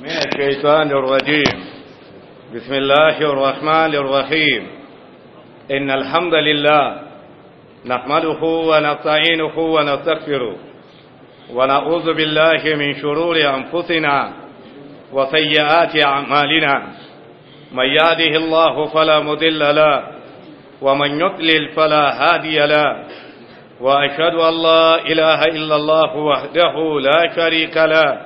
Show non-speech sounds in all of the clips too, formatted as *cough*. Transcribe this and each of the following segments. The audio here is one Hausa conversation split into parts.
من الشيطان الرجيم بسم الله الرحمن الرحيم إن الحمد لله نحمده ونستعينه ونستغفره ونعوذ بالله من شرور أنفسنا وسيئات أعمالنا من يهده الله فلا مضل له ومن يضلل فلا هادي له وأشهد أن لا إله إلا الله وحده لا شريك له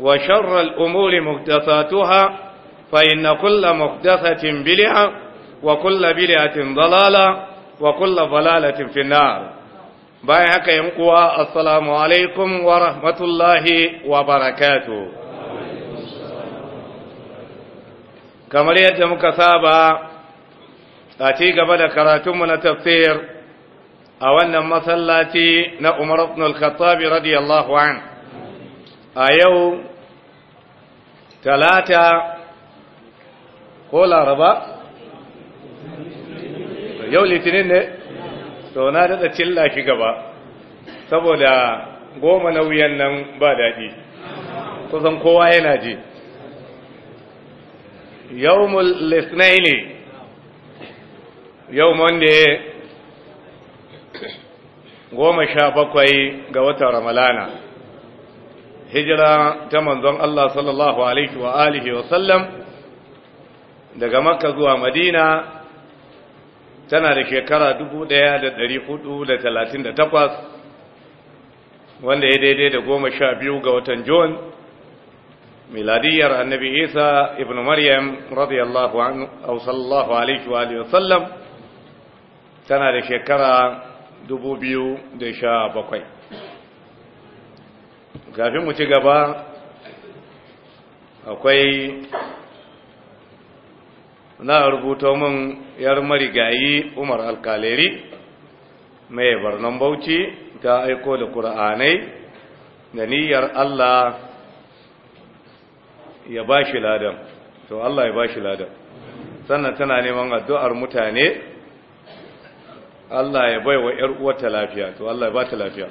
وشر الأمور مهدثاتها فإن كل مهدثة بلعة وكل بلعة ضلالة وكل ضلالة في النار باي هكا ينقوى السلام عليكم ورحمة الله وبركاته kamar yadda muka saba a ci gaba da karatunmu na tafsir a wannan masallaci na umar ibn al-khattab radiyallahu anhu a yau talata ko laraba yau litinin ne to na daɗa cilla gaba saboda goma na wuyan nan ba daɗi kusan kowa yana ji yau mulisnai ne yau monde goma sha bakwai ga watan ramalana hijira ta manzon Allah sallallahu alaihi wa alihi wa sallam daga makka zuwa madina tana da shekara 1438 wanda ya daidai da goma sha biyu ga watan Jun miladiyar annabi isa ibn maryam radiyallahu anhu aw sallallahu alaihi wa alihi wa sallam tana da shekara 2017 kafin mu ci gaba akwai na rubuto min yar marigayi umar alkaleri mai barnan bauchi ta aiko da ƙura'anai da niyyar allah ya ba shi ladan to allah ya ba shi ladan sannan tana neman addu'ar mutane allah ya bai wa 'yar uwarta lafiya to allah ya ba ta lafiya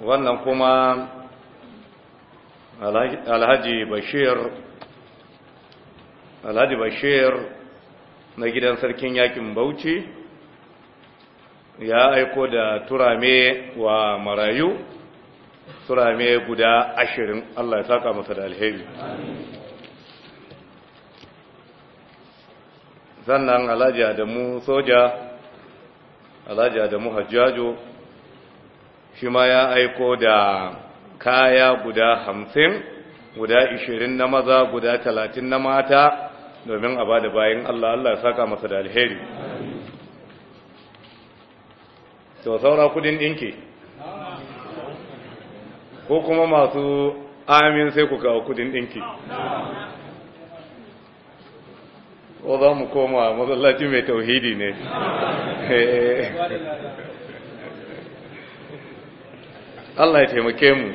wannan kuma alhaji bashir alhaji bashir na gidan sarkin yakin bauchi ya aiko da turame wa marayu turame guda ashirin allah ya saka masa da alheri sannan alhaji adamu soja alhaji adamu hajjajo shi ma ya aiko da kaya guda hamsin guda ishirin na maza guda talatin na mata domin a ba da bayan Allah Allah ya saka masa da alheri to saura kudin ɗinki ko kuma masu amin sai ku kawo kudin ɗinki ko za mu koma matsalaci mai tauhidi ne *laughs* eh, eh, eh. Allah ya taimake mu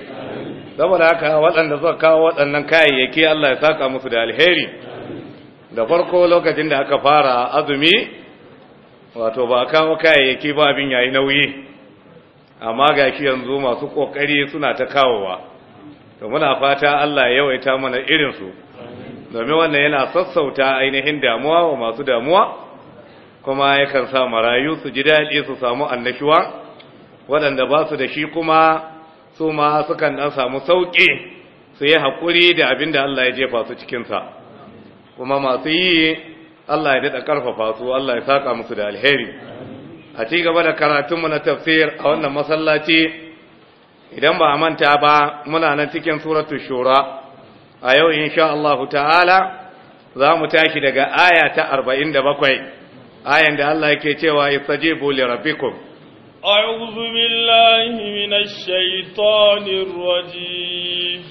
saboda haka waɗanda suka kawo waɗannan kayayyaki Allah ya saka musu da alheri da farko lokacin da aka fara azumi wato ba kawo kayayyaki ba abin yayi nauyi amma ga ki yanzu masu kokari suna ta kawowa to muna fata Allah ya yawaita mana irin su domin wannan yana sassauta ainihin damuwa wa masu damuwa kuma yakan sa marayu su ji daɗi su samu annashuwa waɗanda ba su da shi kuma su ma sukan dan samu sauƙi su yi haƙuri da abin da Allah ya jefa su cikinsa kuma masu yi Allah ya daɗa ƙarfafa su Allah ya saƙa musu da alheri a ci gaba da karatunmu na tafsir a wannan masallaci idan ba a manta ba muna nan cikin suratul shura a yau insha Allah ta'ala za mu tashi daga aya ta 47 ayan da Allah yake cewa yastajibu li rabbikum أعوذ بالله من الشيطان الرجيم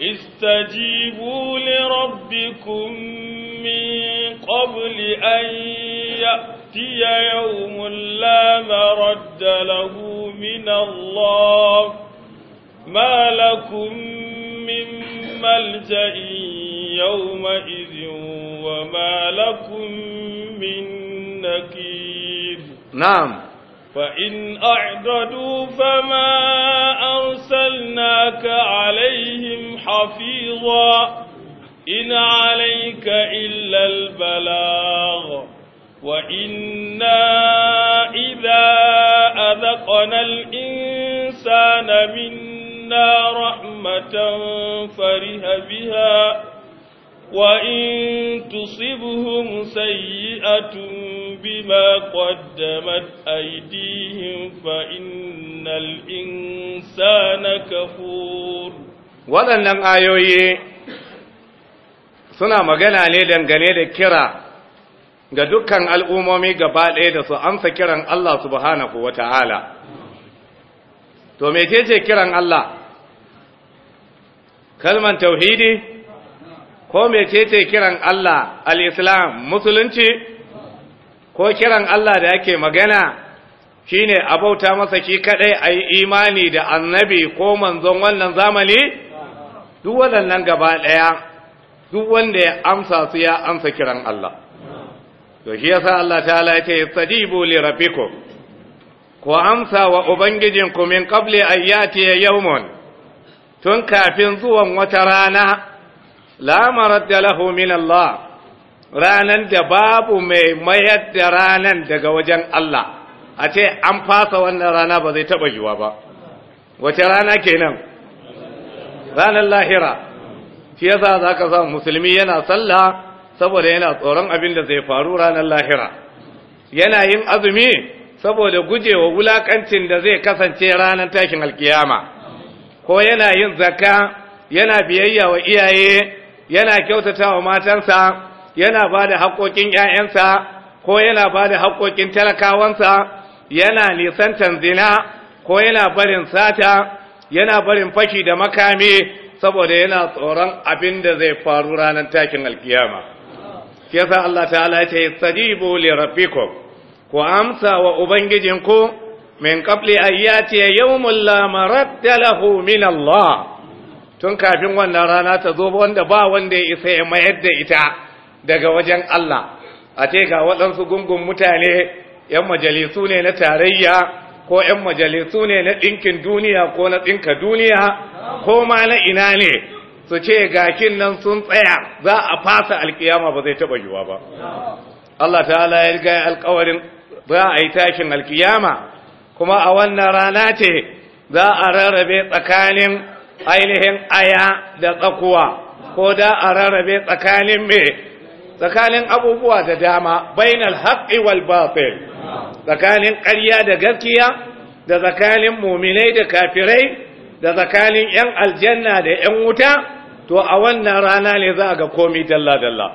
استجيبوا لربكم من قبل أن يأتي يوم لا مرد له من الله ما لكم من ملجأ يومئذ وما لكم من نكير نعم فإن أعددوا فما أرسلناك عليهم حفيظا إن عليك إلا البلاغ وإنا إذا أذقنا الإنسان منا رحمة فرها بها وإن تصبهم سيئة بما قدمت أيديهم فإن الإنسان كفور waɗannan ayoyi suna magana ne dangane da kira ga dukkan al'ummomi gaba ɗaya da su amsa kiran Allah subhanahu wa To, mece ce kiran Allah? Kalman tauhidi? ko mecece kiran Allah al-islam musulunci ko kiran Allah da yake magana shine a bauta masa ki kaɗai ayi imani da annabi ko manzon wannan zamani duk waɗannan gaba ɗaya duk wanda ya amsa su ya amsa kiran Allah to shi yasa Allah ta'ala ya ce li rabbikum ku amsa wa ubangijinku min qabli ayati yawmun tun kafin zuwan wata rana la maradda lahu Allah ranan da babu mai mayar da ranan daga wajen Allah a ce an fasa wannan rana ba zai taba yiwa ba wace rana kenan ranar lahira shi yasa zaka sa musulmi yana sallah saboda yana tsoron abin da zai faru ranar lahira yana yin azumi saboda gujewa wulakancin da zai kasance ranar tashin alkiyama ko yana yin zakka yana biyayya wa iyaye yana kyautata wa matansa yana ba da haƙoƙin ‘ya'yansa ko yana ba da haƙoƙin talakawansa yana nisantan zina ko yana barin sata yana barin fashi da makami saboda yana tsoron abin da zai faru ranar takin alkiyama kesa yasa Allah ta'ala ya ce sadibu li ku amsa wa ubangijinku min kabli ayyace yawmin la maradda min Allah tun kafin wannan rana ta zo wanda ba wanda ya isa ya mayar da ita daga wajen Allah a ce ga waɗansu gungun mutane ‘yan majalisu ne na tarayya ko ‘yan majalisu ne na ɗinkin duniya ko na ɗinka duniya ko ma na ina ne su ce gakin nan sun tsaya za a fasa alkiyama ba zai taɓa yiwa ba Allah ta'ala ya riga alkawarin za a yi tashin alkiyama kuma a wannan rana ce za a rarrabe tsakanin ainihin aya da tsakuwa ko da a rarrabe tsakanin me tsakanin abubuwa da dama bainal haqqi wal batil tsakanin ƙarya da gaskiya da tsakanin muminai da kafirai da tsakanin yan aljanna da yan wuta to a wannan rana ne za a ga komai dalla dalla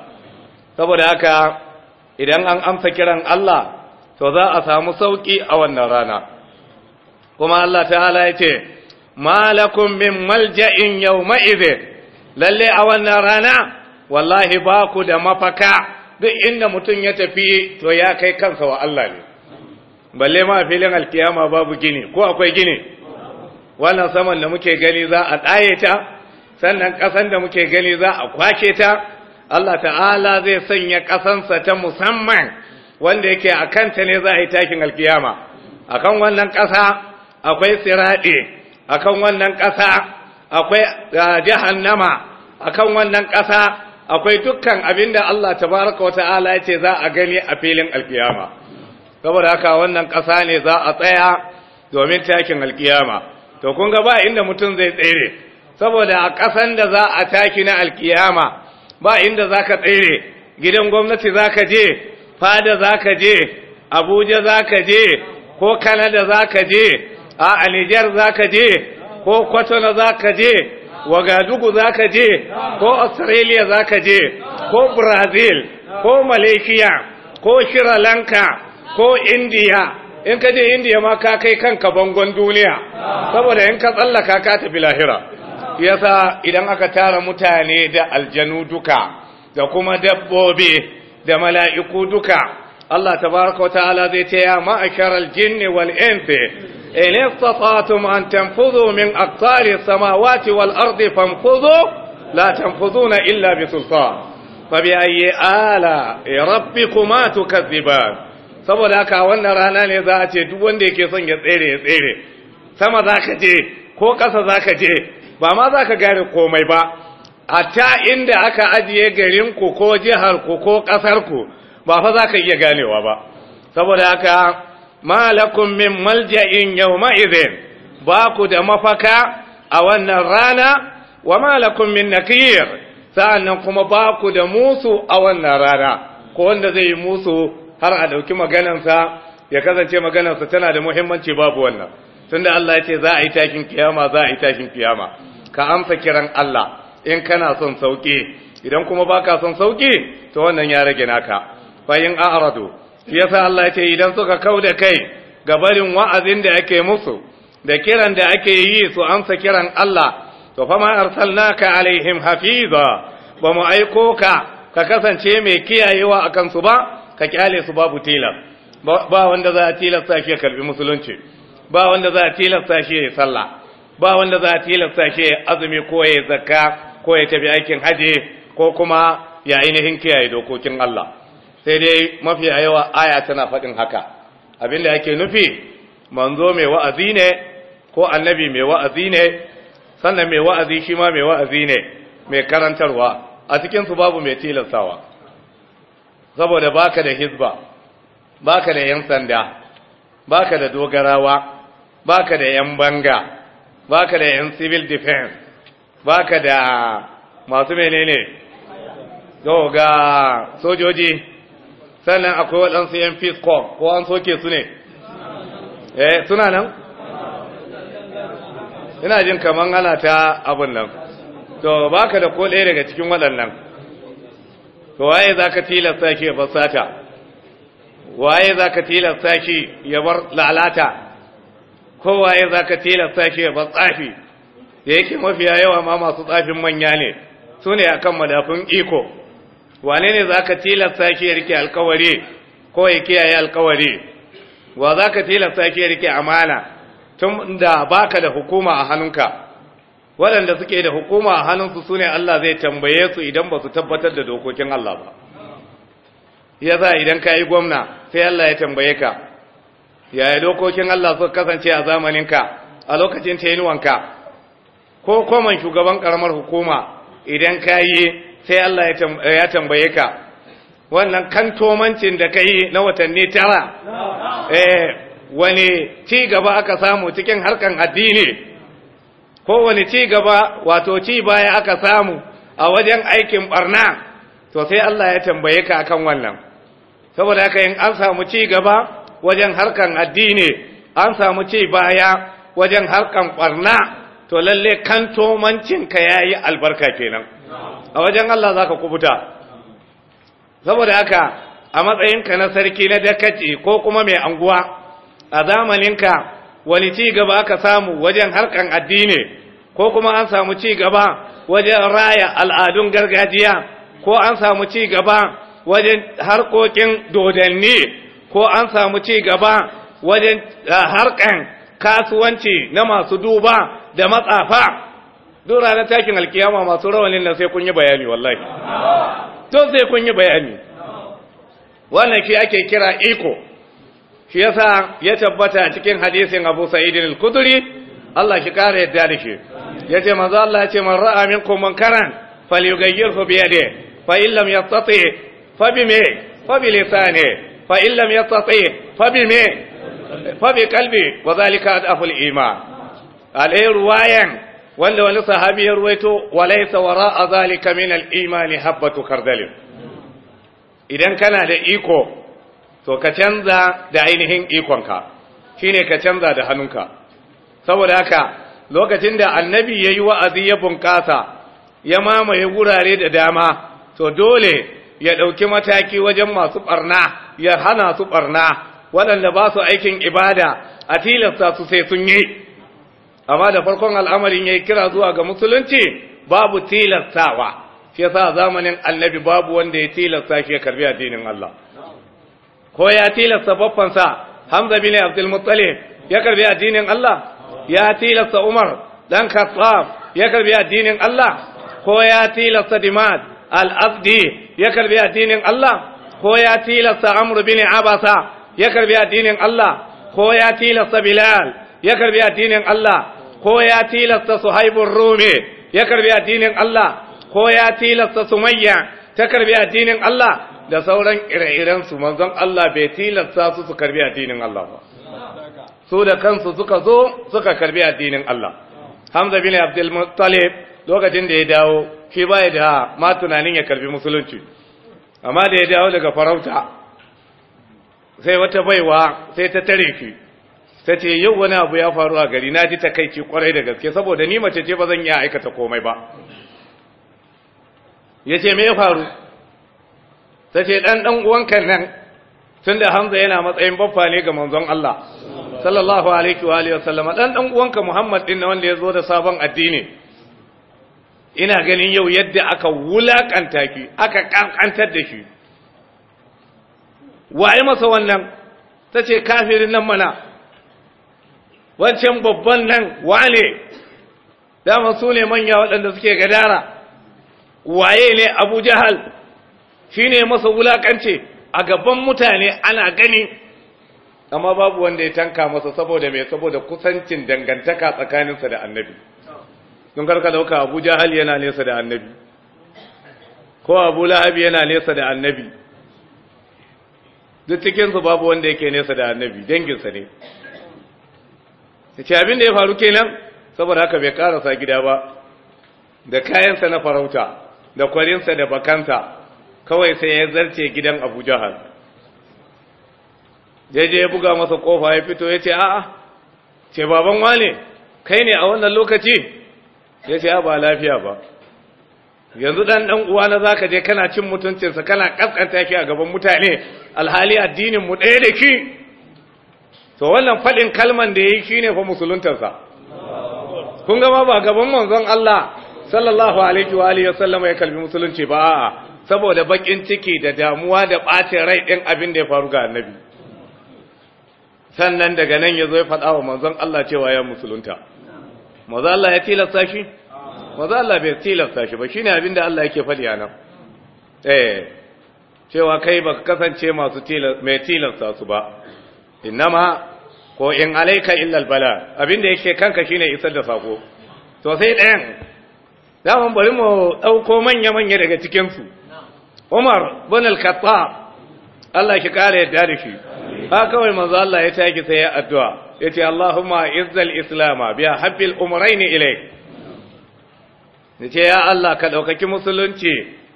saboda haka idan an amsa kiran Allah to za a samu sauki a wannan rana kuma Allah ta'ala ya ce malakum min malja'in yau ma'ize, lalle a wannan rana wallahi ba ku da mafaka duk inda mutum ya tafi to ya kai kansa wa Allah ne balle ma filin alkiyama babu gini ko akwai gini wannan saman da muke gani za a ɗaye ta sannan ƙasan da muke gani za a kwace ta Allah ta'ala zai sanya ƙasansa ta musamman wanda yake a kanta ne za a yi takin alkiyama akan wannan ƙasa akwai siraɗe akan wannan ƙasa akwai ah, jahannama akan wannan ƙasa akwai dukkan abin da Allah tabaraka wa ta'ala ya za a gani a filin alkiyama saboda haka wannan ƙasa ne za a tsaya domin takin alkiyama to kun ga ba inda mutum zai tsere saboda a ƙasan da za a taki na alkiyama ba inda za ka tsere gidan gwamnati za ka je fada za ka je abuja za ka je ko kanada za ka je a Nijar za ka je ko Kwatana za ka je Wagadugu za ka je ko Australia za ka je ko Brazil ko Malaysia ko Sri Lanka ko India in ka je India ma ka kai kanka bangon duniya saboda in ka tsallaka ka tafi lahira yasa idan aka tara mutane da aljanu duka da kuma dabbobi da mala'iku duka Allah Ta baraka wa ta'ala zai ta yi ma'ashar aljinni wal in istatatum an tanfudu min aqtari samawati wal ardi la tanfuduna illa bi sultan fa bi ayyi ala rabbikuma tukazziban saboda haka wannan rana ne za ce duk wanda yake son ya tsere ya tsere sama zaka je ko ƙasa zaka je ba ma zaka gane komai ba hatta inda aka ajiye garinku ko jiharku ko ƙasarku ba fa zaka iya ganewa ba saboda haka ma lakum min malja'in yawma idhin ba ku da mafaka a wannan rana wa ma lakum min nakir sa'annan kuma ba ku da musu a wannan rana ko wanda zai yi musu har a ɗauki maganarsa ya kasance maganarsa tana da muhimmanci babu wannan tunda Allah ya ce za a yi takin kiyama za a yi takin kiyama ka amsa kiran Allah in kana son sauki idan kuma baka son sauki to wannan ya rage naka fa in a'radu yasa Allah ce idan suka kau da kai ga barin wa'azin da ake musu da kiran da ake yi su amsa kiran Allah to fa ma arsalnaka alaihim hafiza ba mu aiko ka ka kasance mai kiyayewa akan su ba ka kyale su babu tilas ba wanda za a tilasta shi ya karbi musulunci ba wanda za a tilasta shi ya sallah ba wanda za a tilasta shi ya azumi ko ya zakka ko ya tafi aikin haji ko kuma ya ainihin kiyaye dokokin Allah sai dai mafi a yawa aya tana faɗin haka abinda yake nufi manzo mai wa'azi ne ko annabi mai wa'azi ne sannan mai wa'azi shi ma mai wa'azi ne mai karantarwa a cikinsu babu mai tilastawa saboda baka da hizba baka da yan sanda baka da dogarawa baka da yan banga baka da yan civil defense baka da masu menene ga sojoji sannan akwai waɗansu yan fiskon ko an soke su ne eh suna nan ina jin kamar ana ta abin nan to baka da ko ɗaya daga cikin waɗannan to waye za ka tilasta shi ya waye za ka tilasta shi ya bar lalata ko waye za ka tilasta shi ya tsafi da yake mafiya yawa ma masu tsafin manya ne su ne a kan madafin iko wane ne za ka tilasta shi ya rike alkawari ko ya kiyaye alkawari wa za ka tilasta shi ya rike amana tun da baka da hukuma a hannunka waɗanda suke da hukuma a hannunsu su ne Allah zai tambaye su idan ba su tabbatar da dokokin Allah ba ya za idan ka yi gwamna sai Allah ya tambaye ka yaya dokokin Allah suka kasance a zamaninka a lokacin tainuwanka ko koman shugaban karamar hukuma idan ka yi sai Allah ya tambaye ka wannan kantomancin da ka yi na watanni tara eh, wani ci gaba aka samu cikin harkan addini ko wani ci gaba wato ci baya aka samu a wajen aikin barna to sai Allah ya tambaye ka akan wannan saboda haka in an samu ci gaba wajen harkan addini an samu ci baya wajen harkan barna to lalle kantomancin ka yayi albarka kenan a wajen Allah za ka kubuta saboda haka a matsayinka na sarki na dakaci ko kuma mai anguwa a zamaninka wani ci gaba aka samu wajen harkan addini ko kuma an samu ci gaba wajen raya al'adun gargajiya ko an samu ci gaba wajen harkokin dodanni ko an samu ci gaba wajen eh, harkan kasuwanci na masu duba da matsafa duk ranar takin alkiyama masu rawanin nan sai kun yi bayani wallahi to sai kun yi bayani wannan shi ake kira iko shi yasa ya tabbata cikin hadisin Abu Sa'id al-Khudri Allah shi kare yadda da shi yace manzo Allah yace man ra'a minkum munkaran falyughayyirhu bi yadihi fa in lam yastati fa bima fa bi lisani fa in lam yastati fa bima fa bi qalbi wa dhalika adaful iman alai ruwayan wanda wani sahabi ya ruwaito wara a zalika min al-imani habbatu kardalin idan kana da iko to ka canza da ainihin ikonka shine ka canza da hannunka saboda haka lokacin da annabi ya yi wa'azi ya bunƙasa ya mamaye wurare da dama to dole ya ɗauki mataki wajen masu ɓarna ya hana su ɓarna waɗanda ba su aikin ibada a tilasta su sai sun yi amma da farkon al'amarin ya yi kira zuwa ga musulunci babu tilastawa shi yasa zamanin annabi babu wanda ya tilasta shi ya karbi addinin Allah ko ya tilasta sa Hamza bin Abdul Muttalib ya karbi addinin Allah ya tilasta Umar dan Khattab ya karbi addinin Allah ko ya tilasta Dimad al-Abdi ya karbi addinin Allah ko ya tilasta Amr bin Abasa ya karbi addinin Allah ko ya tilasta Bilal ya karbi addinin Allah ko ya tilasta su haibun rome ya karbi addinin Allah ko ya tilasta su sumayya ta karbi addinin Allah da sauran ire-iren su manzon Allah bai tilasta su su karbi addinin Allah ba su da kansu suka zo suka karbi addinin Allah Hamza bin Abdul Muttalib lokacin da ya dawo shi bai da ma tunanin ya karbi musulunci amma da ya dawo daga farauta sai wata baiwa sai ta tare shi ta ce yau wani abu ya faru a gari na ji ta kai ce kwarai da gaske saboda ni mace ce ba zan iya aikata komai ba ya ce me ya faru ta ce ɗan ɗan uwanka nan tun da hamza yana matsayin baffa ne ga manzon Allah sallallahu alaihi wa alihi wasallam dan dan uwanka Muhammad din wanda ya zo da sabon addini ina ganin yau yadda aka wulakanta ki aka kankantar da shi waye masa wannan tace kafirin nan mana wancan babban nan wane dama su ne manya waɗanda suke gadara waye ne abu jahal shi ne masa wulaƙance a gaban mutane ana gani amma babu wanda ya tanka masa saboda mai saboda kusancin dangantaka tsakaninsa da annabi don karka dauka abu jahal yana nesa da annabi ko abu lahabi yana nesa da annabi duk cikinsu babu wanda yake nesa da annabi danginsa ne ta ce abin da ya faru kenan saboda haka bai karasa gida ba da kayansa na farauta da kwarinsa da bakanta kawai sai ya zarce gidan abu jahal jeje ya buga masa kofa ya fito ya ce a'a ce baban wane kai ne a wannan lokaci ya ce ba lafiya ba yanzu dan dan uwa na zaka je kana cin mutuncinsa kana kaskanta ki a gaban mutane alhali addinin mu ɗaya da ki to wannan faɗin kalman da ya yi shine fa musuluntarsa kun gama ba gaban manzon Allah sallallahu alaihi wa alihi wasallam ya kalbi musulunci ba a'a saboda bakin ciki da damuwa da ɓacin rai ɗin abin da ya faru ga annabi sannan daga nan ya zo ya faɗa wa manzon Allah cewa ya musulunta maza Allah ya tilasta shi maza Allah bai tilasta shi ba shine abin da Allah yake faɗi a nan eh cewa kai baka kasance masu mai tilasta su ba innama ko in alaika illal bala abin da yake kanka shine isar da sako to sai ɗayan mu bari mu ɗauko manya-manya daga cikinsu umar bin al-khattab Allah ki kare yadda da shi ha kawai manzo Allah ya taki sai ya addu'a yace Allahumma izzal islama bi habbil umrayn Ya ce, ya Allah ka ɗaukaki musulunci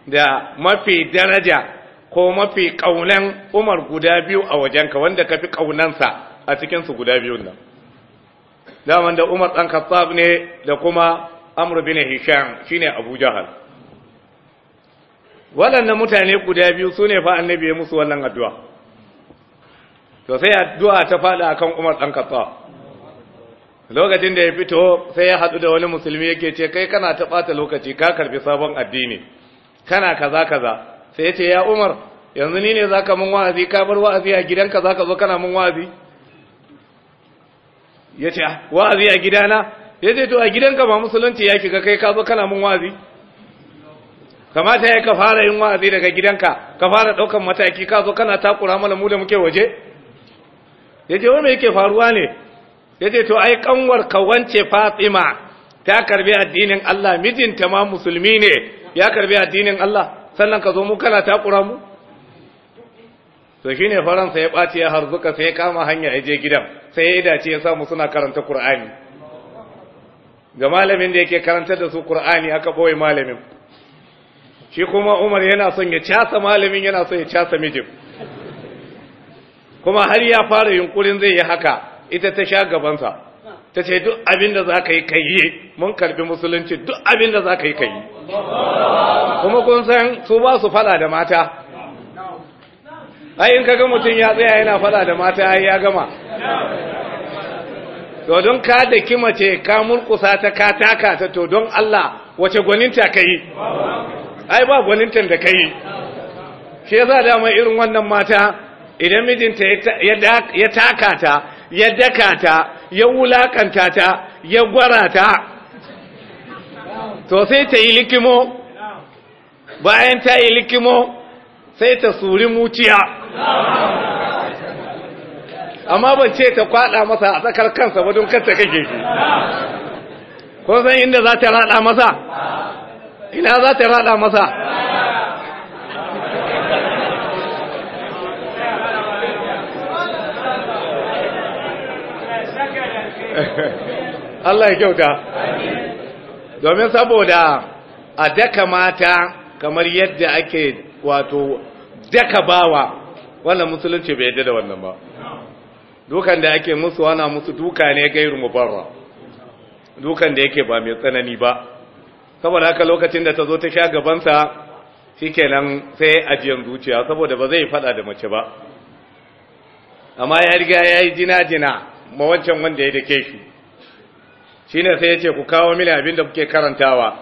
da mafi daraja ko mafi kaunan Umar guda biyu a wajenka wanda ka fi kaunansa a cikinsu guda biyun nan daman da umar ɗan khattab ne da kuma amr bin hisham shine abu jahal waɗannan mutane guda biyu su ne fa annabi ya musu wannan addu'a to sai addu'a ta faɗa akan umar ɗan khattab lokacin da ya fito sai ya haɗu da wani musulmi yake ce kai kana ta ɓata lokaci ka karbi sabon addini kana kaza kaza sai ya ce ya umar yanzu ni ne zaka mun wa'azi ka bar wa'azi a gidanka zaka zo kana mun wa'azi ya ce ah, wa'azi a gidana ya ce to a gidanka ba musulunci ya ga kai ka kana mun wa'azi kamata ya ka fara yin wa'azi daga gidanka ka fara ɗaukan mataki ka kana takura mana mu da muke waje ya ce wani yake faruwa ne ya ce to ai kanwar ka wance fatima ta karbi addinin allah mijinta ma musulmi ne ya karbi addinin allah sannan ka zo mu kana takura mu to ne faransa ya ɓaci ya harzuka sai ya kama hanya ya je gidan sai ya dace ya samu suna karanta Kur'ani. ga malamin da yake karantar da su Kur'ani aka boye malamin shi kuma Umar yana son ya casa malamin yana son ya casa mijin kuma har ya fara yunkurin zai yi haka ita ta sha gabansa ta ce duk abin da za ka yi kayi mun karbi musulunci duk abin da za ka yi kayi kuma kun san su ba su fada da mata ai in ka ga mutum ya tsaya yana fada da mata ai ya gama to don ka da kimace ka murkusa ta ka taka ta to don Allah wace gwaninta ka ai ba gwaninta da ka yi shi yasa mai irin wannan mata idan mijinta ya taka ta ya daka ta ya wulakanta ta ya gwara ta to sai ta yi likimo bayan ta yi likimo sai ta suri muciya amma ban ce ta kwada masa a tsakar kansa ba don kanta kake shi ko san inda za ta rada masa ina za ta rada masa *laughs* Allah ya kyauta domin saboda a daka mata kamar yadda ake wato daka bawa wannan musulunci bai yadda da wannan ba dukan da ake musu wana musu duka ne gairu mubarra dukan da yake ba mai tsanani ba saboda haka lokacin da ta zo ta sha gabansa shikenan sai ajiyan zuciya saboda ba zai fada da mace ba amma ya riga ya yi jina-jina ma wanda ya ke shi shine sai ya ce ku kawo mini abin da kuke karantawa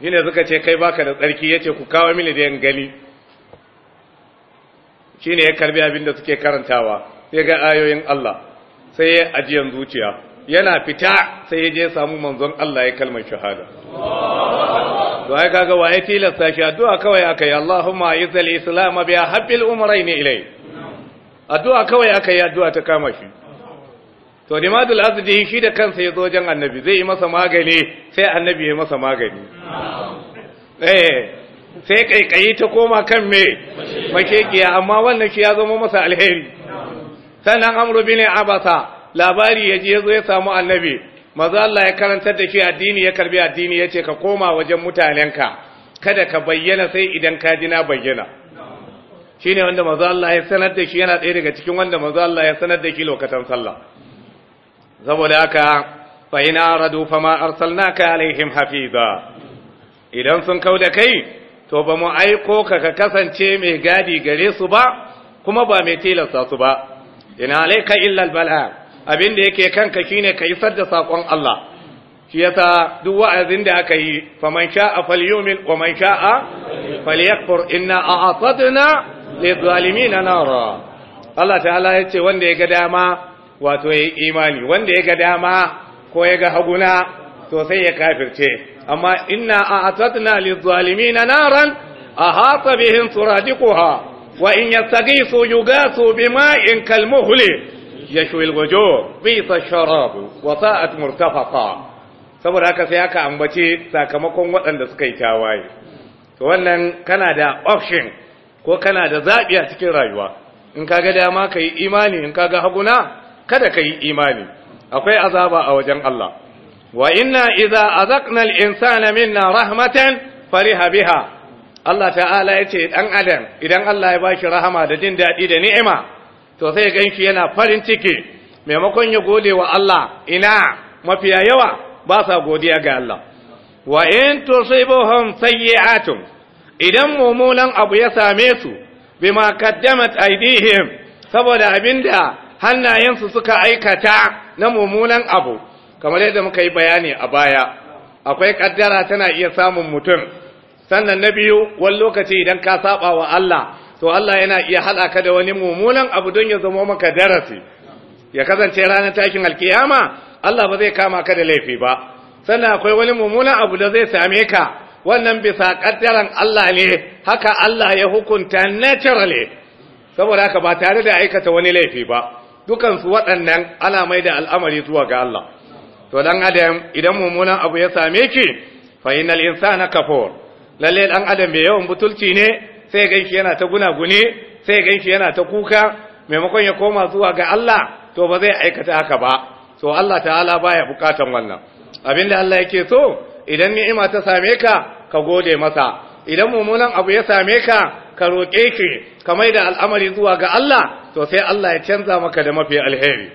shine suka ce kai baka da tsarki ya ce ku kawo mini da yan gani Shi ne ya karbi abin da suke karantawa ya ga ayoyin Allah sai ya ajiyan zuciya yana fita sai ya je samu manzon Allah ya kalmar shahada to ai kaga ya tilasta shi addu'a kawai aka akai Allahumma izal islam bi habbil umrayn ilay addu'a kawai aka yi addu'a ta kama shi to limadul azdi shi da kansa ya zo wajen annabi zai yi masa magani sai annabi ya masa magani eh sai kaikayi ta koma kan me makekiya amma wannan shi ya zama masa alheri sannan amru bin abasa labari ya je ya zo ya samu annabi maza Allah ya karantar da shi addini ya karbi addini ya ce ka koma wajen mutanenka kada ka bayyana sai idan ka ji na bayyana shine wanda maza Allah ya sanar da shi yana ɗaya daga cikin wanda maza Allah ya sanar da shi lokacin sallah saboda haka fa ina aradu fama arsalnaka alaihim hafiza idan sun kauda kai to ba mu aiko ka ka kasance mai gadi gare su ba kuma ba mai tilasta su ba ina alaika illa albala abin da yake kanka shine ka isar da sakon Allah shi yasa duk wa'azin da aka yi man sha'a falyumin wa man sha'a falyakfur inna a'atadna lizzalimina nara Allah ta'ala yace wanda ya ga dama wato yayi imani wanda ya ga dama ko ya ga haguna to sai ya kafirce amma inna a'tatna na naran ahata bihim suradiquha wa in yastaghithu yughathu bima'in kalmuhli yashwi wujuh bi'sa ash wa sa'at murtafaqa saboda haka sai aka ambace sakamakon waɗanda suka yi tawaye to wannan kana da option ko kana da zaɓi a cikin rayuwa in kaga dama kai imani in kaga haguna kada kai imani akwai azaba a wajen Allah wa inna idza azaqna na insana minna rahmatan fariha biha Allah ta'ala ya ce dan adam idan Allah ya bashi rahama da jin dadi da ni'ima to ganshi yana farin ciki maimakon ya gode wa Allah ina mafiya yawa basa godiya ga Allah wa in tusibuhum sayyi'atun idan mumunan abu ya same su bima qaddamat aydihim saboda abinda hannayensu suka aikata na mumunan abu kamar yadda muka yi bayani a baya akwai kaddara tana iya samun mutum sannan na biyu wani lokaci idan ka saba wa Allah to Allah yana iya haɗa ka da wani mummunan abu don ya zama maka darasi ya kasance ranar takin alkiyama Allah ba zai kama ka da laifi ba sannan akwai wani mummunan abu da zai same ka wannan bisa kaddaran Allah ne haka Allah ya hukunta naturally saboda haka ba tare da aikata wani laifi ba dukansu waɗannan ana mai da al'amari zuwa ga Allah to dan adam idan mummunan abu ya same ki fa innal insana kafur lalle dan adam bai yawan butulci ne sai ganki yana ta gunagune sai ganki yana ta kuka maimakon ya koma zuwa ga Allah to ba zai aikata haka ba to Allah ta'ala baya bukatan wannan abinda Allah yake so idan ni'ima ta same ka ka gode masa idan mummunan abu ya same ka ka roƙe ki ka mai da al'amari zuwa ga Allah to sai Allah ya canza maka da mafi alheri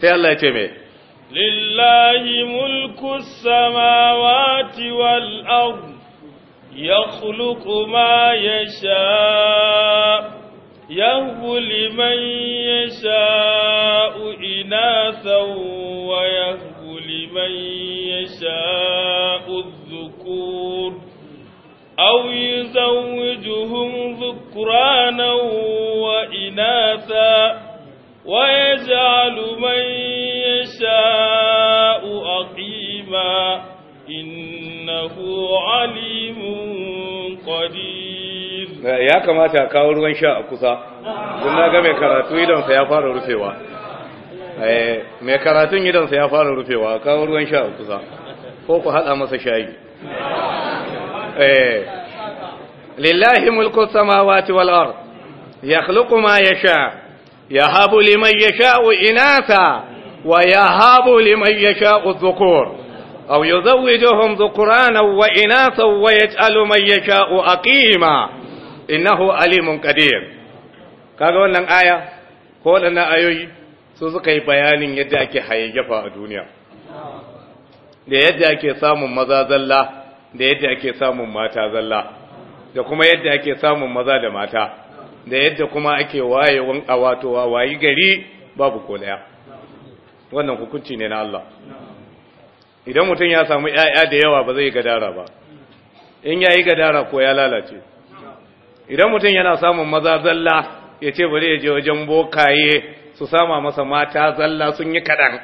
sai Allah ya ce mai لله ملك السماوات والأرض يخلق ما يشاء يهب لمن يشاء إناثا ويهب لمن يشاء الذكور أو يزوجهم ذكرانا وإناثا ويجعل من يشاء أقيما إنه عليم قدير يا كما تكاور ruwan sha a kusa don ga mai karatu idonsa ya fara rufewa eh, mai karatun idonsa ya fara rufewa kawo ruwan sha a kusa ko ku haɗa masa shayi eh, lillahi mulku samawati wal ard yakhluqu ma yasha' يهب لمن يشاء إناثا ويهب لمن يشاء الذكور أو يزوجهم ذكرانا وإناثا ويجعل من يشاء أقيما إنه عليم قدير kaga wannan aya ko waɗannan ayoyi su suka yi bayanin yadda ke hayayyafa a duniya da yadda ke samun maza zalla da yadda ake samun mata zalla da kuma yadda ake samun maza da mata da yadda kuma ake wayewan a wato wayi gari babu ko daya wannan hukunci ne na Allah idan mutum ya samu ‘ya'ya da yawa ba zai gadara ba in ya yi gadara ko ya lalace idan mutum yana samun maza zalla ya ce bari ya je wajen bokaye su sama masa mata zalla sun yi kaɗan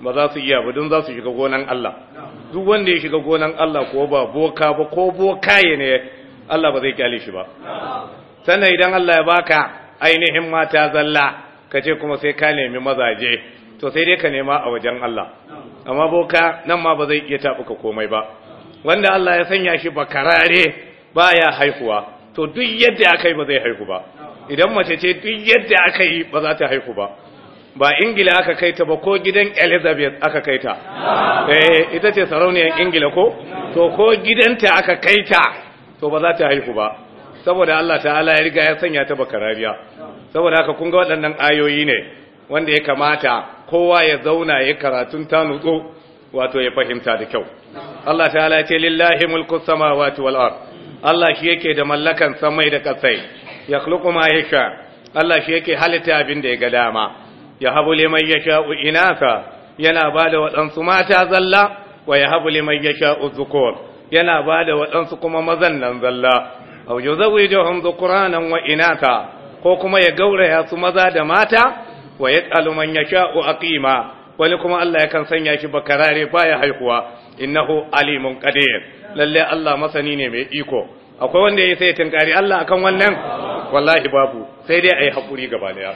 ba za su iya budun za su shiga gonan Allah duk wanda ya shiga gonan Allah ko ba boka ba ko bokaye ne Allah ba zai kyale shi ba sannan idan Allah ya baka ainihin mata zalla ka ce kuma sai ka nemi mazaje to sai dai ka nema a wajen Allah amma boka nan ma ba zai iya ka komai ba wanda Allah ya sanya shi bakarare baya haihuwa to duk yadda aka yi ba zai haihu ba idan mace ce duk yadda aka yi ba za ta haihu ba ba ingila aka kai ta ba ko gidan elizabeth aka kai ta eh ita ce sarauniyar ingila ko to ko gidanta aka kai ta to ba za ta haihu ba saboda Allah ta'ala ya riga ya sanya ta bakarariya saboda haka kun ga waɗannan ayoyi ne wanda ya kamata kowa ya zauna ya karatun ta nutso wato ya fahimta da kyau Allah ta'ala ya ce lillahi mulku samawati wal ard Allah shi yake da mallakan samai da kasai ya khluqu ma yasha Allah shi yake halitta abin da ya ga dama ya habu liman yasha'u inasa yana bada waɗansu mata zalla wa ya habu liman yasha'u dhukur yana bada waɗansu kuma mazan nan zalla aw yuzawwijuhum dhukranan wa inatha ko kuma ya gauraya su maza da mata wa ya man a aqima wani kuma Allah yakan sanya shi bakarare baya haihuwa innahu alimun qadir lalle Allah masani ne mai iko akwai wanda ya sai tinkari Allah akan wannan wallahi babu sai dai ayi hakuri gaba ya.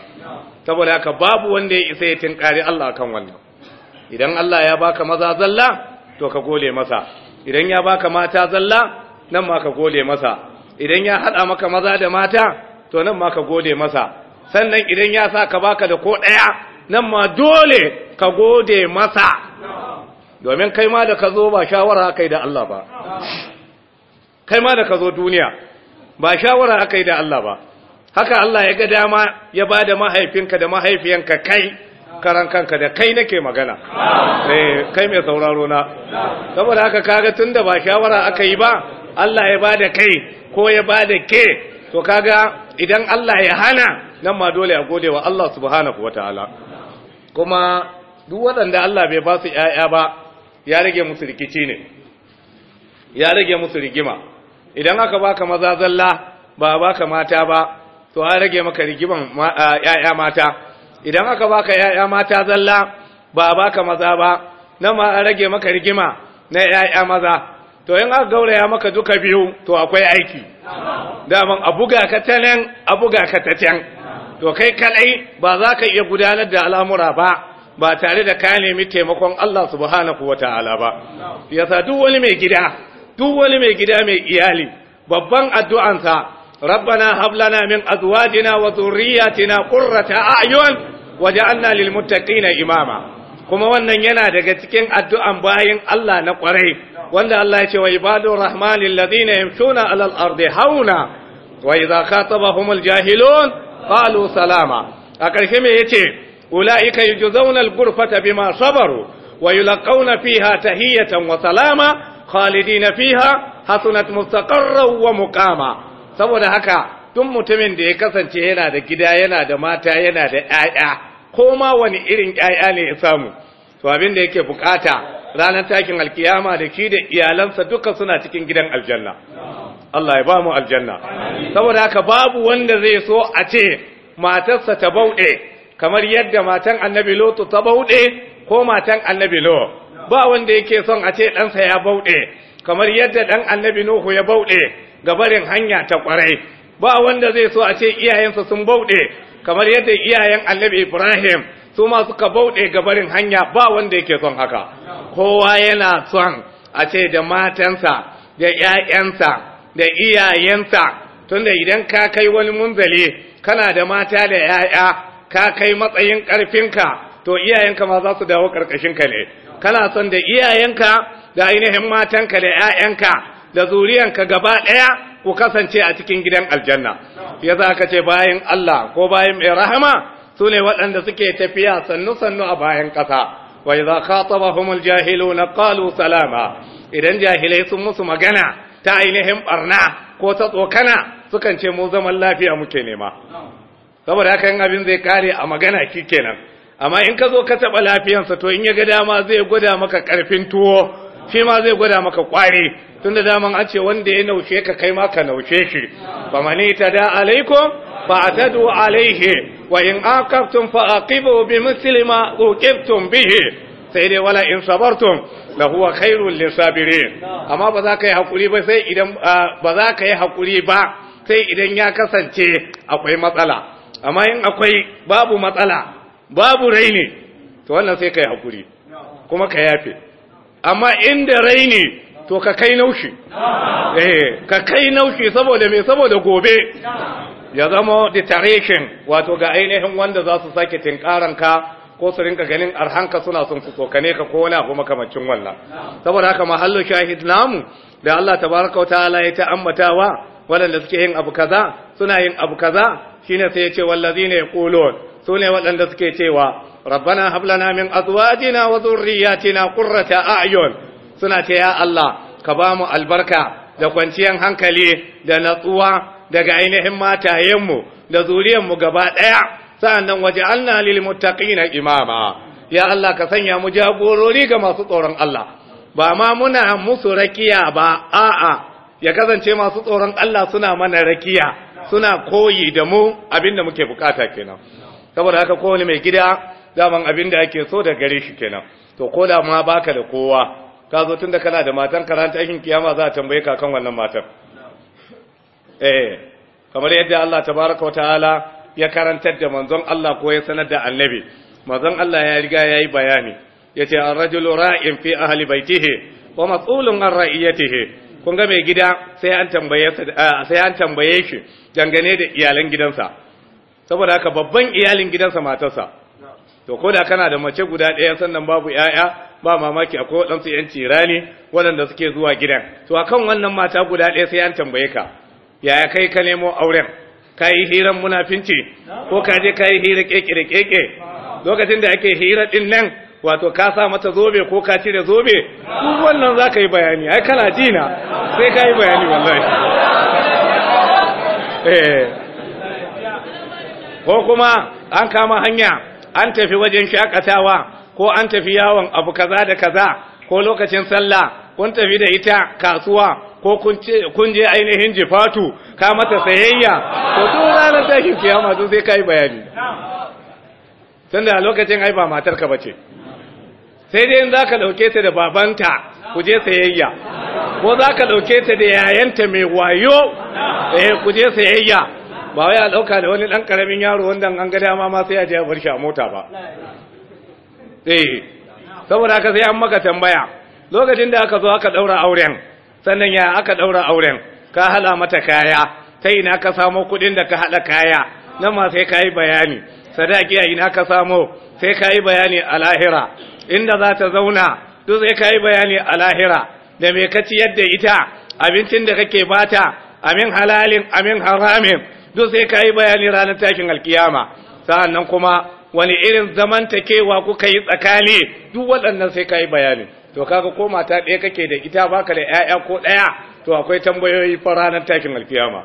saboda haka babu wanda ya sai tinkari Allah akan wannan idan Allah ya baka maza zalla to ka gole masa idan ya baka mata zalla nan ma ka gole masa idan ya haɗa maka maza da mata to nan ma ka gode masa sannan idan ya sa ka baka da ko ɗaya nan ma dole ka gode masa domin kai ma da ka zo ba shawara aka yi da Allah ba kai ma da ka zo duniya ba shawara aka yi da Allah ba haka Allah ya ga dama ya ba da mahaifinka da mahaifiyanka kai karan kanka da kai nake magana eh kai mai sauraro na saboda haka kaga tunda ba shawara aka yi ba Allah ya bada kai ko ya ba da ke to kaga idan Allah ya hana nan ma dole a gode wa Allah subhanahu wataala kuma duk waɗanda Allah bai ba su ‘ya’ya ba ya rage musu rikici ne ya rage musu rigima idan aka baka maza zalla ba baka mata ba to ya rage maka rigiman yaya mata idan aka baka ‘ya’ya mata zalla ba baka maza ba nan ma rage maka rigima na yaya maza to in aka gauraya maka duka biyu to akwai aiki daman a buga ka ta nan a buga ka to kai kaɗai ba za ka iya gudanar da al'amura ba ba tare da ka nemi taimakon Allah subhanahu wataala ba yasa duk wani mai gida duk wani mai gida mai iyali babban addu'ansa ربنا هب لنا من ازواجنا وذرياتنا قرة اعين وجعلنا للمتقين imama. kuma wannan yana daga cikin addu'an bayin Allah na ƙwarai wanda Allah ya ce wa ibadur rahman alladhina yamshuna alal ardi hauna wa idza khatabahum jahilun? qalu salama a ƙarshe me yace ulaika yujzauna alghurfata bima sabaru wa yulqauna fiha tahiyatan wa salama khalidina fiha hasunat mustaqarran wa muqama saboda haka tun mutumin da ya kasance yana da gida yana da mata yana da ƴaƴa ko ma wani irin ƴaƴa ne ya samu to abin da yake bukata ranar takin alkiyama da ke da iyalansa duka suna cikin gidan aljanna Allah ya ba mu aljanna saboda haka babu wanda zai so a ce matarsa ta bauɗe kamar yadda matan annabi lotu ta bauɗe ko matan annabi lo ba wanda yake son a ce ɗansa ya bauɗe kamar yadda ɗan annabi nuhu ya bauɗe ga barin hanya ta ƙwarai ba wanda zai so a ce iyayensa sun bauɗe kamar yadda iyayen annabi ibrahim su ma suka bauɗe gabarin hanya ba wanda yake son haka kowa yana son a ce da matansa da ‘ya'yansa da iyayensa tunda idan ka kai wani munzali kana da mata da ‘ya'ya ka kai matsayin ƙarfinka to iyayenka ma za su dawo ƙarƙashinka ne kana son da iyayenka da ainihin matanka da ‘ya'yanka da zuriyanka gaba ɗaya ku kasance a cikin gidan aljanna ya za ka ce bayan Allah ko bayan mai rahama su ne waɗanda suke tafiya sannu-sannu a bayan ƙasa Wai za taba humul jahilu na ƙalu salama idan jahilai sun musu magana ta ainihin ɓarna ko ta tsokana sukan ce mu zaman lafiya muke nema saboda haka abin zai kare a magana kenan amma in ka zo ka taɓa lafiyansa to in ya ga dama zai gwada maka ƙarfin tuwo shi ma zai gwada maka ƙwari tun da daman an ce wanda ya naushe ka kai ma ka naushe shi ba mani ta da alaikum فاعتدوا عليه وإن عاقبتم فأقبوا بمثل ما عوقبتم به sai dai wala in sabartum lahuwa khairul lisabirin amma ba za ka yi hakuri ba sai idan ba za ka yi hakuri ba sai idan ya kasance akwai matsala amma in akwai babu matsala babu raini to wannan sai ka yi hakuri kuma ka yafe amma inda raini to ka kai naushi eh ka kai naushi saboda me saboda gobe ya zama deterration wato ga ainihin wanda za su sake tinkaranka ko su rinka ganin arhanka suna son su tsokane ka ko wani abu makamancin wannan. saboda haka mahallu shahid namu da Allah tabaraka ta'ala ya ta'ammatawa waɗanda suke yin abu kaza suna yin abu kaza shine sai ya ce wallazina Su sune waɗanda suke cewa rabbana hab lana min azwajina wa dhurriyyatina qurrata a'yun suna ce ya Allah ka ba mu albarka da kwanciyar hankali da natsuwa daga ainihin matayenmu da zuriyanmu gaba ɗaya nan waje allah lil muttaqina imama ya Allah ka sanya mu jagorori ga masu tsoron Allah ba ma muna musu rakiya ba a'a ya kasance masu tsoron Allah suna mana rakiya suna koyi da mu abin da muke bukata kenan saboda haka kowane mai gida abin da ake so da gare shi kenan to ko da ma baka da kowa ka zo tun da kana da matan karanta aikin kiyama za a tambaye ka wannan matan eh kamar yadda Allah tabaraka wa ta'ala ya karantar da manzon Allah ko ya sanar da annabi manzon Allah ya riga yayi bayani yace ar-rajulu ra'in fi ahli baitihi wa mas'ulun an ra'iyatihi kun ga mai gida sai an tambaye ah, sai an tambaye shi dangane da iyalan gidansa saboda haka babban iyalin gidansa matarsa to ko da kana da mace guda ɗaya sannan babu ‘ya'ya ba mamaki akwai waɗansu ‘yan cirani waɗanda suke zuwa gidan to akan wannan mata guda ɗaya sai an tambaye ka yaya kai ka nemo auren ka yi hiran munafinci ko ka je ka yi hira kekere keke lokacin da ake hira din nan wato ka sa mata zobe ko ka cire zobe duk wannan za ka yi bayani ai kana dina sai ka yi bayani wallahi eh. ko kuma an kama hanya an tafi wajen shakatawa ko an tafi yawon abu kaza da kaza ko lokacin sallah kun tafi da ita kasuwa ko kun je ainihin jifatu ka mata sayayya to tun ranar tashin kiyama sun sai ka yi bayani Sanda a lokacin ai ba matarka ba ce sai dai in za ka ɗauke ta da babanta ku je sayayya ko za ka ɗauke ta da yayanta mai wayo eh ku je sayayya ba wai a ɗauka da wani ɗan ƙaramin yaro wanda an ga dama ma sai a je a bar a mota ba eh saboda haka sai an maka tambaya lokacin da aka zo aka ɗaura auren sannan ya aka daura auren ka hala mata kaya ta ina ka samo kudin da ka hada kaya nan ma sai ka bayani sadaki a ina ka samo sai ka bayani a lahira inda za ta zauna duk sai ka bayani a lahira da me ka ciyar da ita abincin da kake bata amin halalin amin haramin duk sai ka bayani ranar tashin alkiyama sa'annan kuma wani irin zamantakewa kuka yi tsakani duk waɗannan sai ka bayani to kaga ko mata ɗaya kake da ita baka da ƴaƴa ko ɗaya to akwai tambayoyi fa ranar takin alkiyama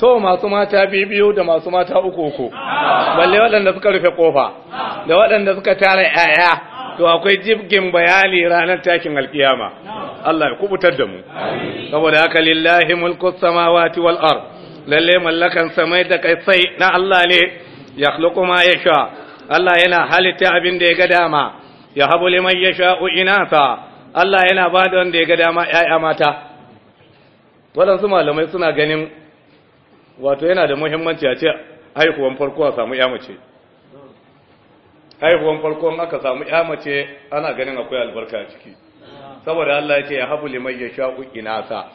to masu mata biyu da masu mata uku uku balle waɗanda suka rufe kofa da waɗanda suka tara ƴaƴa to akwai jibgin bayani ranar takin alkiyama Allah ya kubutar da mu saboda haka lillahi mulku samawati wal ard lalle mallakan samai da kai sai na Allah ne ya khluqu ma yasha Allah yana halitta abin da ya ga dama ya habu liman yasha'u inatha Allah yana ba da wanda ya ga dama ‘ya'ya mata waɗansu malamai suna ganin wato yana da muhimmanci a ce haihuwan farko a samu ‘ya mace haihuwan farko aka samu ‘ya mace ana ganin akwai albarka a ciki saboda Allah ya ce ya haɓu limai ya sha nasa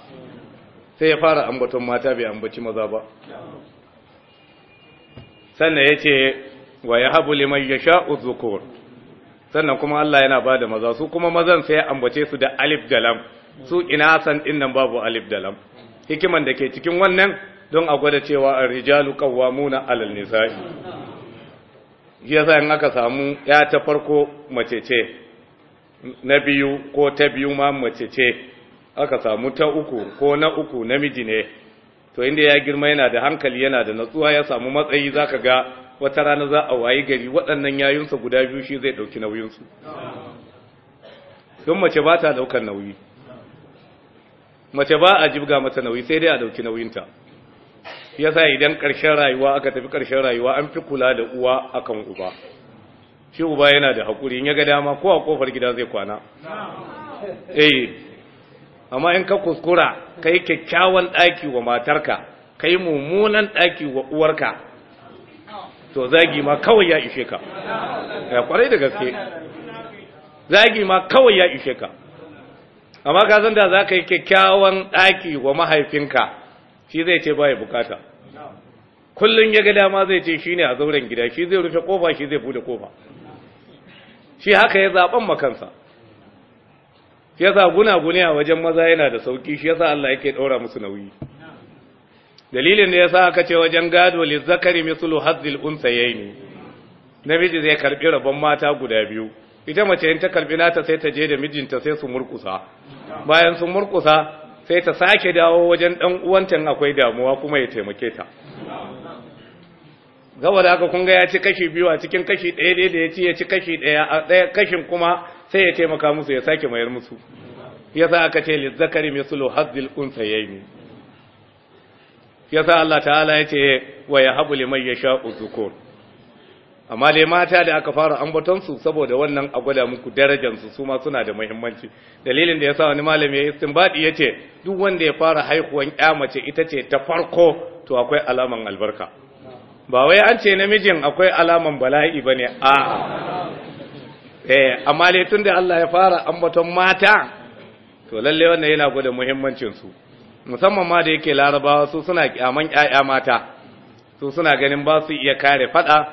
sai ya fara ambaton mata bai ambaci maza ba sannan ya ce wa ya haɓu limai ya sha uzukur sannan kuma Allah yana ba da maza su kuma mazan sai ambace su da alif da lam su ina san din nan babu alif da lam hikiman da ke cikin wannan don a gwada cewa ar-rijalu qawwamuna 'alal nisa'i yasa in aka samu ya ta farko mace ce na biyu ko ta biyu ma mace ce aka samu ta uku ko na uku namiji ne to inda ya girma yana da hankali yana da natsuwa ya samu matsayi zaka ga wata rana za a wayi gari waɗannan yayunsa guda biyu shi zai ɗauki nauyinsu don mace ba ta ɗaukar nauyi mace ba a jibga mata nauyi sai dai a ɗauki nauyinta ya sa idan ƙarshen rayuwa aka tafi ƙarshen rayuwa an fi kula da uwa kan uba shi uba yana da haƙuri ya ga dama ko a ƙofar gida zai kwana eh amma in ka kuskura kai kyakkyawan ɗaki wa matarka kai mummunan ɗaki wa uwarka to zagi ma kawai ya ishe ka ya kwarai da gaske zagi ma kawai ya ishe ka amma ka san da za ka yi kyakkyawan ɗaki wa mahaifinka shi zai ce baya bukata kullum ya ga dama zai ce shi ne a zauren gida shi zai rufe kofa shi zai bude kofa shi haka ya zaɓen makansa shi yasa gunagune a wajen maza yana da sauki shi yasa Allah yake ɗaura musu nauyi dalilin da yasa aka ce wajen gado li zakari mislu hadzil unsayaini namiji zai karbi rabon mata guda biyu ita mace in ta karbi nata sai ta je da mijinta sai su murkusa bayan su murkusa sai ta sake dawo wajen dan uwantan akwai damuwa kuma ya taimake ta saboda haka kun ga ya ci kashi biyu a cikin kashi ɗaya dai da ya ci ya ci kashi ɗaya a ɗaya kashin kuma sai ya taimaka musu ya sake mayar musu yasa aka ce zakari mislu hadzil unsayaini yasa Allah ta'ala ya ce wa ya yahabu liman yasha'u dhukur amma dai mata da aka fara ambaton saboda wannan a gwada muku darajansu su ma suna da muhimmanci dalilin da yasa wani malami ya istinbadi ce duk wanda ya fara haihuwan ƴa mace ita ce ta farko to akwai alaman albarka ba wai an ce namijin akwai alaman bala'i bane a eh amma dai tunda Allah ya fara ambaton mata to lalle wannan yana gwada muhimmancin su musamman ma da yake larabawa su suna kyaman ƴaƴa mata su suna ganin ba su iya kare fada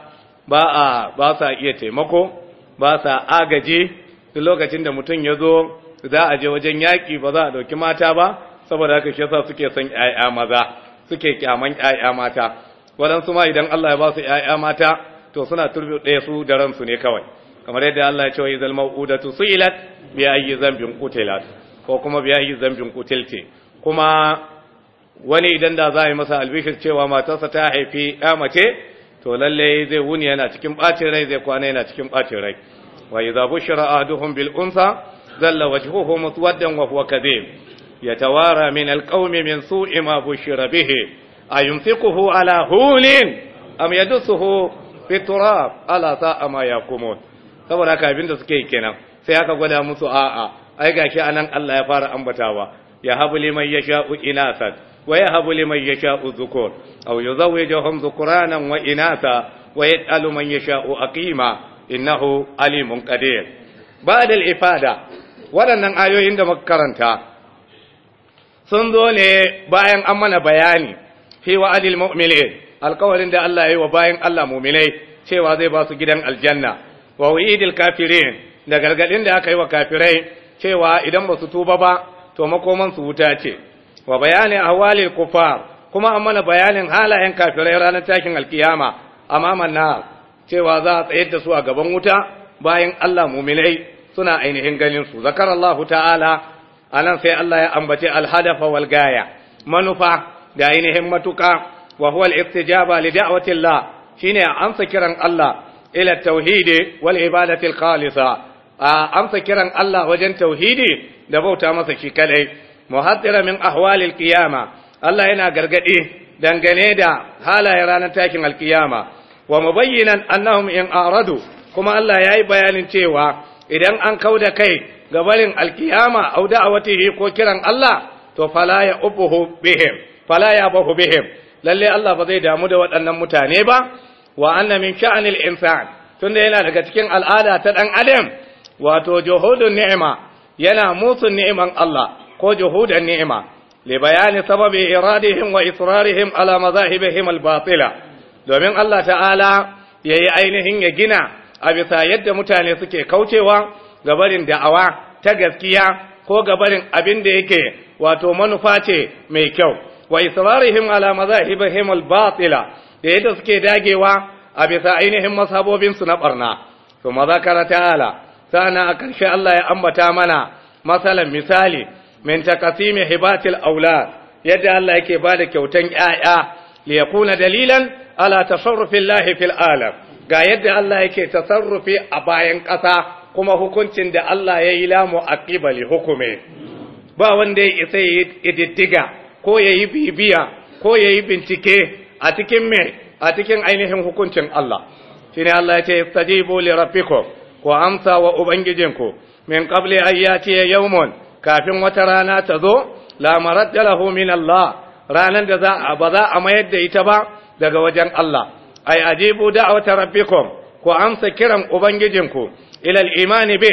ba a ba sa iya taimako ba sa agaje duk lokacin da mutum ya zo za a je wajen yaƙi ba za a ɗauki mata ba saboda haka shi yasa suke son ƴaƴa maza suke kyaman ƴaƴa mata waɗansu ma idan Allah ya ba su ƴaƴa mata to suna turbe su da ransu ne kawai kamar yadda Allah ya ce wa izal mau'udatu su'ilat bi ayyi zambin qutilat ko kuma bi ayyi zambin qutilti kuma wani idan da za a yi masa albishir cewa matarsa ta haifi ya mace to lalle zai wuni yana cikin bacin rai zai kwana yana cikin bacin rai wa idza bushira ahaduhum bil unsa zalla huhu muswaddan wa zai Ya tawara min al qawmi min su'i ma bushira bihi ayumsikuhu ala hulin am yadsuhu fi fitura. ala sa'a ma kuma. saboda haka abinda suke kenan sai aka gwada musu a'a ai gashi anan Allah ya fara ambatawa يهب لمن يشاء إناثا ويهب لمن يشاء الذكور أو يزوجهم ذكرانا وإناثا ويسأل من يشاء أقيما إنه عليم قدير بعد الإفادة waɗannan ayoyin da muka karanta sun zo ne bayan an mana bayani fi wa'adil mu'minin alƙawarin da Allah ya yi wa bayan Allah mu'minai cewa zai ba su gidan aljanna wa wa'idil kafirin da gargadin da aka yi wa kafirai cewa idan ba su tuba ba to makoman su wuta ce wa bayanin ahwalil kufar kuma an mana bayanin halayen kafirai ranar takin alkiyama amaman na cewa za a tsayar da su a gaban wuta bayan Allah muminai suna ainihin ganin su zakarallahu ta'ala anan sai Allah ya ambace alhadafa wal gaya manufa da ainihin matuka wa huwa al-iftijaba li da'wati Allah shine amsa kiran Allah ila tauhidi wal ibadati al-khalisa a amsa kiran Allah wajen tauhidi da bauta masa shi kadai muhaddira min ahwalil qiyama Allah yana gargadi dangane da halaye ranar takin alkiyama wa mubayyinan annahum in aradu kuma Allah yayi bayanin cewa idan an kauda kai ga barin alkiyama au da'awatihi ko kiran Allah to fala ya ubuhu bihim fala ya bahu bihim lalle Allah ba zai damu da waɗannan mutane ba wa anna min sha'anil insan tunda yana daga cikin al'ada ta dan adam wato juhudun ni'ima yana musun ni'iman Allah ko juhudan ni'ima li bayani sababi iradihim wa israrihim ala mazahibihim al-batila domin Allah ta'ala yayi ainihin ya gina a bisa yadda mutane suke kaucewa gabarin da'awa ta gaskiya ko gabarin abin da yake wato manufa ce mai kyau wa israrihim ala mazahibihim al-batila da yadda suke dagewa a bisa ainihin masabobinsu na barna ثم ذكر تعالى sana a ƙarshe Allah ya ambata mana matsalan misali min taqsimi hibatil aulad yadda Allah yake bada kyautan yaya li na dalilan ala tasarrufillahi lahifin alam ga yadda Allah yake tasarrufi a bayan ƙasa kuma hukuncin da Allah ya yi lamu a ƙibali hukume ba wanda ya isa ya ididdiga ko ya yi bibiya ko ya yi bincike a cikin me a cikin ainihin hukuncin Allah shine Allah ya ce istajibu li rabbikum Ku amsa wa ubangijinku min qabli ayyati yawmun kafin wata rana ta zo la maradda lahu min Allah ranar da za a ba za a mayar da ita ba daga wajen Allah ay ajibu wata rabbikon, ku amsa kiran ubangijinku ilal imani be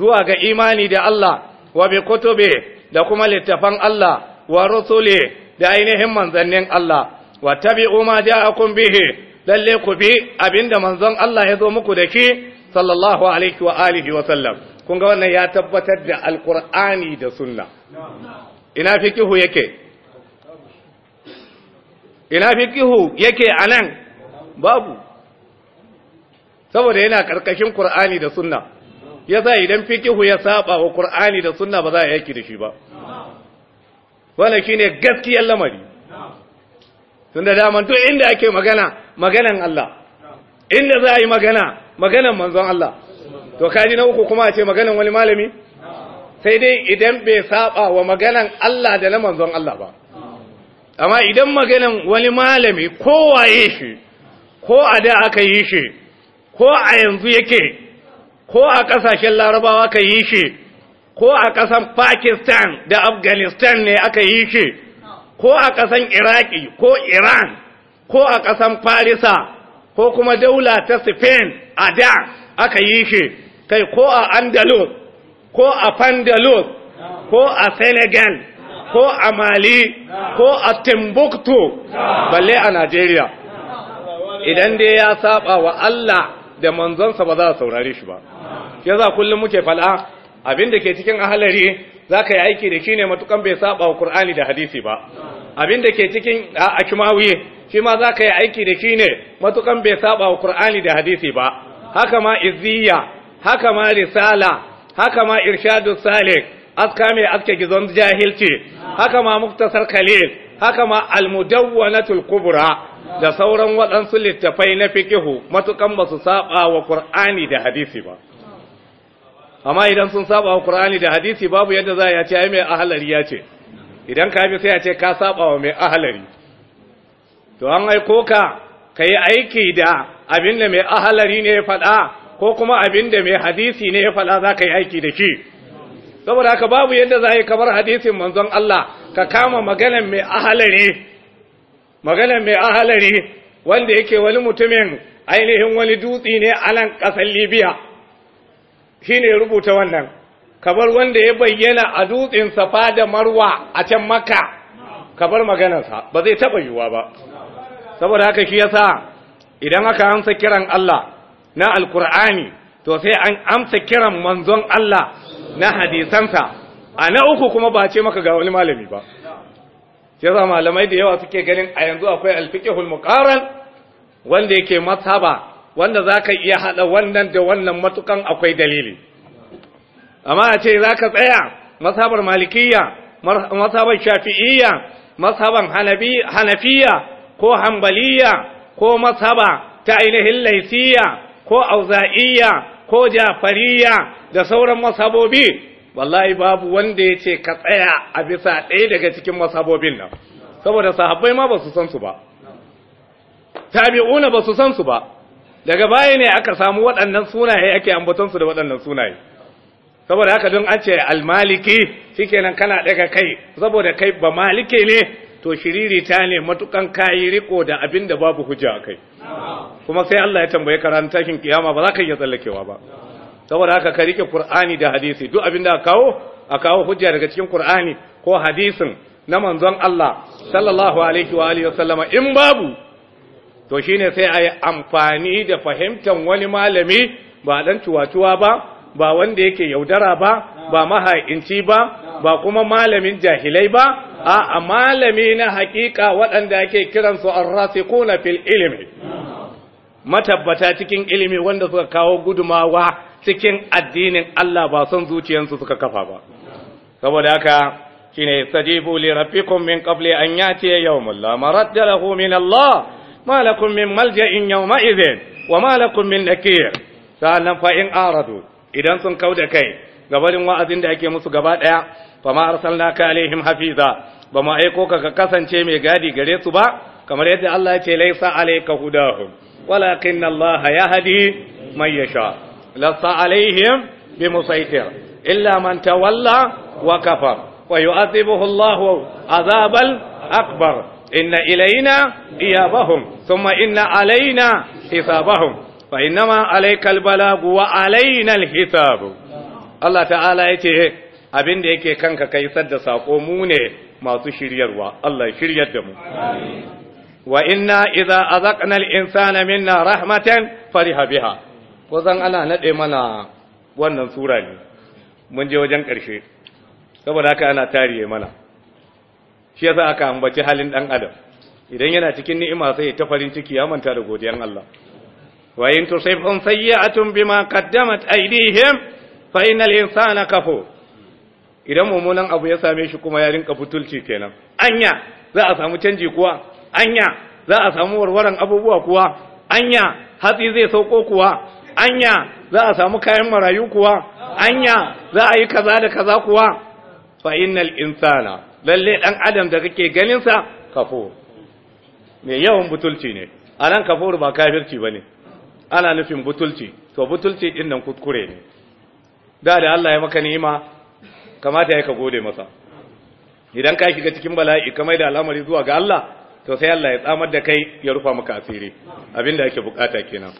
zuwa ga imani da Allah wa bi kutubi da kuma littafan Allah wa rusuli da ainihin manzannin Allah wa tabi'u ma ja'akum bihi lalle ku bi abinda manzon Allah ya zo muku da ki sallallahu alaihi wa alihi wa sallam kun ga wannan ya tabbatar da alqur'ani da sunna ina fikihu yake ina fikihu yake anan babu saboda yana karkashin qur'ani da sunna yasa idan fikihu ya saba wa qur'ani da sunna ba za a yake da shi ba wannan shine gaskiyar lamari tunda da to inda ake magana maganan Allah inda za a yi magana maganan manzon Allah to kaji na uku kuma a ce maganan wani malami sai dai idan bai saba wa maganan Allah da na manzon Allah ba amma idan maganan wani malami kowaye shi ko a da aka yi shi ko a yanzu yake ko a kasashen larabawa ka yi shi ko a kasan pakistan da afghanistan ne aka yi shi ko a kasan iraki ko iran ko a kasan farisa ko kuma daula ta Spain a da aka yi shi kai ko a Andalus ko a Pandalus ko a Senegal ko a Mali ko a Timbuktu balle a Najeriya idan dai ya saba wa Allah da manzonsa ba za a saurare shi ba yasa kullum muke fal'a abin da ke cikin ahalari za ka yi aiki da shi ne matukan bai saba wa Kur'ani da hadisi ba abin da ke cikin a kimawiye shi ma za ka yi aiki da shi ne matukan bai saba wa Kur'ani da hadisi ba haka ma izziya haka ma risala haka ma irshadu salik aska mai aske gizon jahilci haka ma muktasar khalil haka ma almudawwanatul kubra da sauran waɗansu littafai na fikihu matukan ba su saba wa Kur'ani da hadisi ba amma idan sun saba wa Kur'ani da hadisi babu yadda za a ce ai mai ahalari ya ce idan ka bi sai a ce ka saba wa mai ahalari to an aiko ka ka yi aiki da abin da mai ahalari ne ya faɗa ko kuma abin da mai hadisi ne ya faɗa za ka yi aiki da shi saboda haka babu yadda za a yi kamar hadisin manzon Allah ka kama magana mai ahalari magana mai ahalari wanda yake wani mutumin ainihin wani dutse ne a nan ƙasar libya shi ne rubuta wannan kabar wanda ya bayyana a dutsen safa da marwa a can makka kabar maganarsa ba zai taɓa yiwuwa ba saboda haka shi yasa idan aka amsa kiran Allah na alkur'ani to sai an amsa kiran manzon Allah na hadisansa a na uku kuma ba ce maka ga wani malami ba sai yasa malamai da yawa suke ganin a yanzu akwai alfiqhul muqaran wanda yake masaba wanda zaka iya hada wannan da wannan matukan akwai dalili amma a ce zaka tsaya masabar malikiyya masabar shafi'iyya masaban hanafi hanafiya ko hambaliya ko masaba ta ainihin laifiya ko auza'iya ko jafariya da sauran masabobi wallahi babu wanda ya ce ka tsaya a bisa ɗaya daga cikin masabobin nan saboda sahabbai ma ba su san su ba tabi'una ba su san su ba daga baya ne aka samu waɗannan sunaye ake su da waɗannan sunaye saboda haka don an ce almaliki shikenan kana daga kai saboda kai ba malike ne to shiriri ta ne matukan kayi riko da abin da babu hujja a kai kuma sai Allah ya tambaye ka ranar tashin kiyama ba za ka iya tsallakewa ba saboda haka ka rike Qur'ani da hadisi duk abin da aka kawo a kawo hujja daga cikin Qur'ani ko hadisin na manzon Allah sallallahu alaihi wa alihi wasallama in babu to shine sai ayi amfani da fahimtar wani malami ba dan tuwatuwa ba ba wanda yake yaudara ba ba maha'inci ba ba kuma malamin jahilai ba a malami na hakika waɗanda ake kiransu na fil ilimi matabbata cikin ilimi wanda suka kawo gudumawa cikin addinin Allah ba son zuciyarsu suka kafa ba saboda haka shine sajibu li rabbikum min qabli an yati yau, la maradda lahu min Allah ma lakum min malja'in yawma idhin wa ma lakum min nakir sa'an fa in aradu idan sun kauda kai gabarin wa'azin da ake musu gaba daya fa ma arsalnaka alaihim hafiza ba mu aiko ka ka kasance mai gadi gare su ba kamar yadda Allah ya ce laisa alayka hudahum walakin Allah yahdi man yasha lasa alaihim bimusaitir illa man tawalla wa kafar wa yu'adhibuhu Allah azabal akbar inna ilaina iyabahum thumma inna alaina hisabahum fa innama alayka albalagu wa alaina alhisab Allah ta'ala yace abin da yake kanka kai sadda sako mu ne masu shiryarwa Allah shiryar da mu wa inna idza azaqna al-insana minna rahmatan fariha biha ko zan ana nade mana wannan sura ne mun je wajen ƙarshe saboda haka ana tariye mana shi yasa aka ambaci halin dan adam idan yana cikin ni'ima sai ta farin ciki ya manta da godiyan Allah wa in tusibhum sayyi'atun bima qaddamat aydihim fa innal insana kafur idan mummunan abu ya same shi kuma ya rinka butulci kenan anya za a samu canji kuwa anya za a samu warwaran abubuwa kuwa anya hatsi zai sauko kuwa anya za a samu kayan marayu kuwa anya za a yi kaza da kaza kuwa fa innal insana lalle dan adam da kake ganin sa kafur me yawan butulci ne anan kafur ba kafirci bane ana nufin butulci to butulci din nan kuskure ne da da Allah ya maka ni'ima kamata ya ka gode masa idan ka shiga cikin bala'i ka mai da al'amari zuwa ga Allah to sai Allah ya tsamar da kai ya rufa maka asiri abinda ake bukata kenan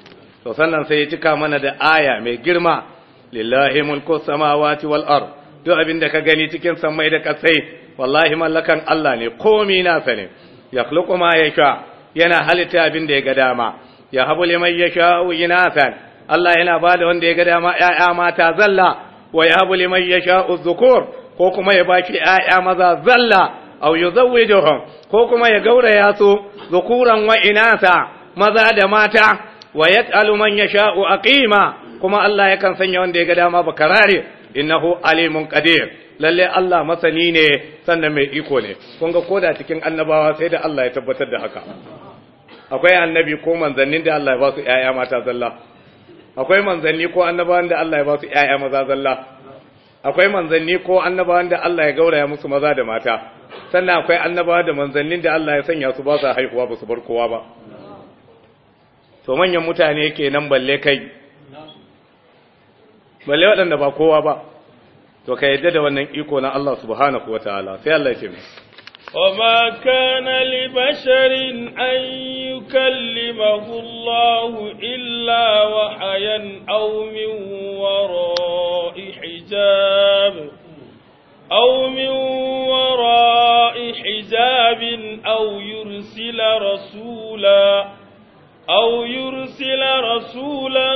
to sannan sai ya cika mana da aya mai girma lillahi mulku samawati wal ard duk abinda ka gani cikin samai da kasai wallahi mallakan Allah ne komai nasa ne yakhluqu ma yasha yana halitta abinda ya ga dama ya habu liman yasha wa yinasan Allah yana bada wanda ya ga dama ya'ya mata zalla wa ya buli liman yasha'u zukur? ko kuma ya bashi ƴaƴa maza zalla aw yuzawwijuhum ko kuma ya gauraya su zukuran wa maza da mata wa yaj'alu man a aqima kuma Allah yakan sanya wanda ya ga dama ba bakarare innahu alimun qadir lalle Allah masani ne sannan mai iko ne kun ga koda cikin annabawa sai da Allah ya tabbatar da haka akwai annabi ko manzannin da Allah ya ba su ƴaƴa mata zalla akwai manzanni ko annabawan da Allah ya ba su ƴaƴa maza zalla akwai manzanni ko annabawan da Allah ya gauraya musu maza da mata sannan akwai annabawa da manzannin da Allah ya sanya su ba su haihuwa ba su bar kowa ba to manyan mutane kenan balle kai balle waɗanda ba kowa ba to ka yadda da wannan iko na Allah subhanahu wataala sai Allah ya ce وما كان لبشر أن يكلمه الله إلا وحيا أو من وراء حجاب أو من وراء حجاب أو يرسل رسولا أو يرسل رسولا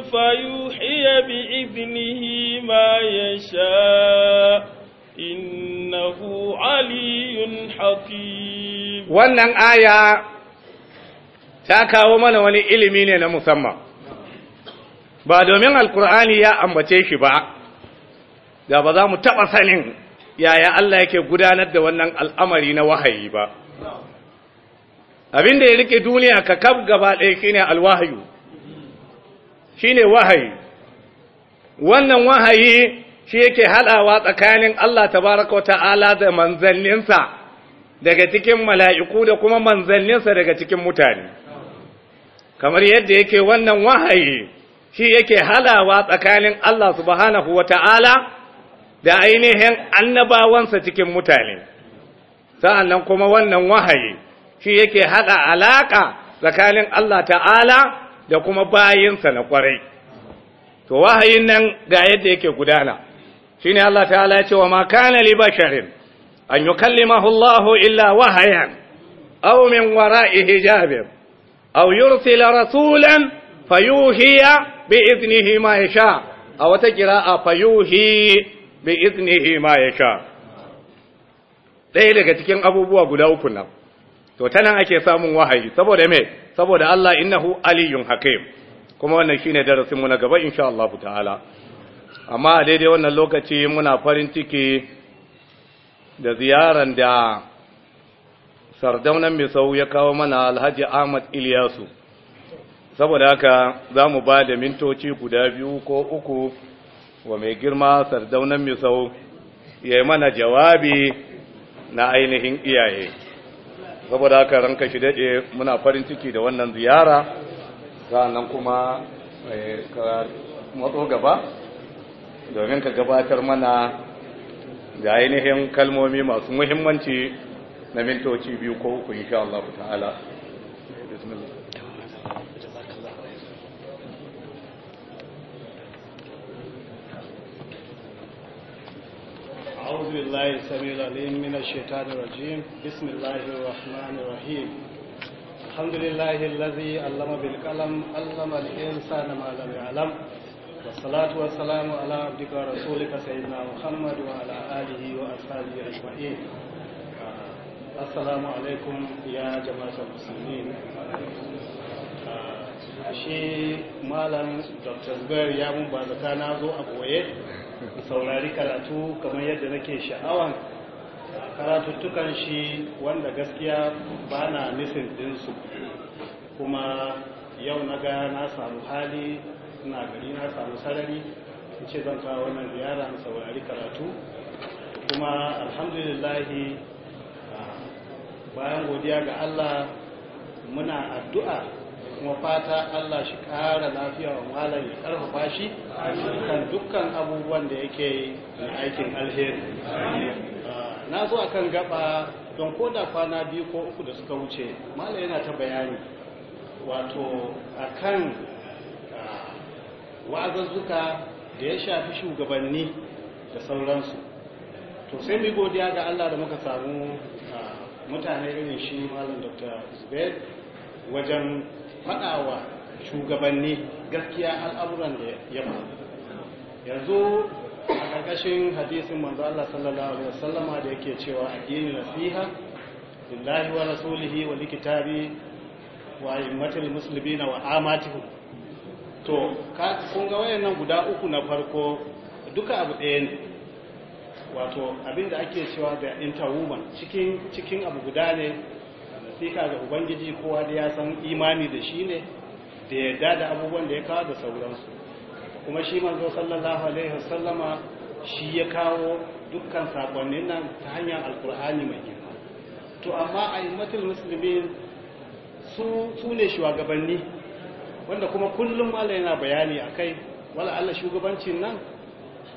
فيوحي بإذنه ما يشاء innahu aliyun hakim wannan aya ta kawo mana wani ilimi ne na musamman ba domin alkur'ani ya ambace shi ba da ba za mu taɓa sanin yaya Allah yake gudanar da wannan al'amari na wahayi ba abin da ya rike duniya ka kab gaba ɗaya shine alwahayu shine wahayi wannan wahayi shi yake haɗawa tsakanin Allah tabaraka ta'ala da manzanninsa daga cikin mala'iku da kuma manzanninsa daga cikin mutane kamar yadda yake wannan wahayi shi yake haɗawa tsakanin Allah subhanahu wata'ala da ainihin annabawansa cikin mutane Sa'an nan kuma wannan wahayi shi yake haɗa alaƙa tsakanin Allah ta'ala da kuma bayinsa na kwarai to wahayin nan ga yadda yake gudana shine Allah ta'ala ya ce wa ma kana li basharin an yukallimahu Allah illa wahayan aw min wara'i hijabin aw yursila rasulan fayuhiya bi idnihi ma yasha a wata qira'a fayuhi bi idnihi ma yasha ɗaya daga cikin abubuwa guda uku nan to ta nan ake samun wahayi saboda me saboda Allah innahu aliyyun hakim kuma wannan shine darasin mu na gaba insha Allah ta'ala amma a daidai wannan lokaci muna farin ciki da ziyaran da sardaunan misau ya kawo mana alhaji ahmad iliyasu saboda haka za mu ba da mintoci guda biyu ko uku wa mai girma sardaunan misau ya yi mana jawabi na ainihin iyaye saboda haka ranka shi daɗe muna farin ciki da wannan ziyara sa'annan kuma eh, matso gaba domin ka gabatar mana da ainihin kalmomi masu muhimmanci na mintoci biyu ko uku insha Allah ta'ala أعوذ بالله السميع العليم من الشيطان الرجيم بسم الله الرحمن الرحيم الحمد لله الذي علم بالقلم علم الإنسان ما والصلاة والسلام على عبدك ورسولك سيدنا محمد وعلى آله وأصحابه أجمعين السلام عليكم يا جماعة المسلمين shi malam dr zubair ya mun ba zaka na zo a boye saurari karatu kamar yadda nake sha'awan karatuttukan shi wanda gaskiya ba na nufin dinsu kuma yau na ga na samu hali suna gari na samu sarari in ce zan kawo wannan ziyara na saurari karatu kuma alhamdulillah ah, bayan godiya ga Allah muna addu'a kuma fata Allah shi ƙara lafiya wa malam ya ƙarfafa shi kan dukkan abubuwan da yake na aikin alheri ah, na zo akan gaba don koda kwana biyu ko uku da suka wuce malam yana ta bayani wato akan wa'azazzuka da ya shafi shugabanni da sauransu to sai mu godiya ga Allah da muka samu mutane irin shi malam Dr. Zubair wajen faɗawa shugabanni gaskiya al'amuran da ya faru yanzu a ƙarƙashin hadisin manzo Allah sallallahu alaihi wasallama da yake cewa addini nasiha lillahi wa rasulihi wa likitabi wa ummatil muslimina wa amatihum to kun ga wayannan guda uku na farko duka abu ɗaya ne wato abinda ake cewa da interwoman cikin cikin abu guda ne nasika ga ubangiji kowa da ya san imani da shi ne da yarda da abubuwan da ya kawo da sauransu kuma shi manzo sallallahu alaihi wasallama shi ya kawo dukkan sakonnin nan ta hanyar alkur'ani mai girma to amma a musulmin su ne shugabanni wanda kuma kullum Allah yana bayani a kai wala Allah shugabancin nan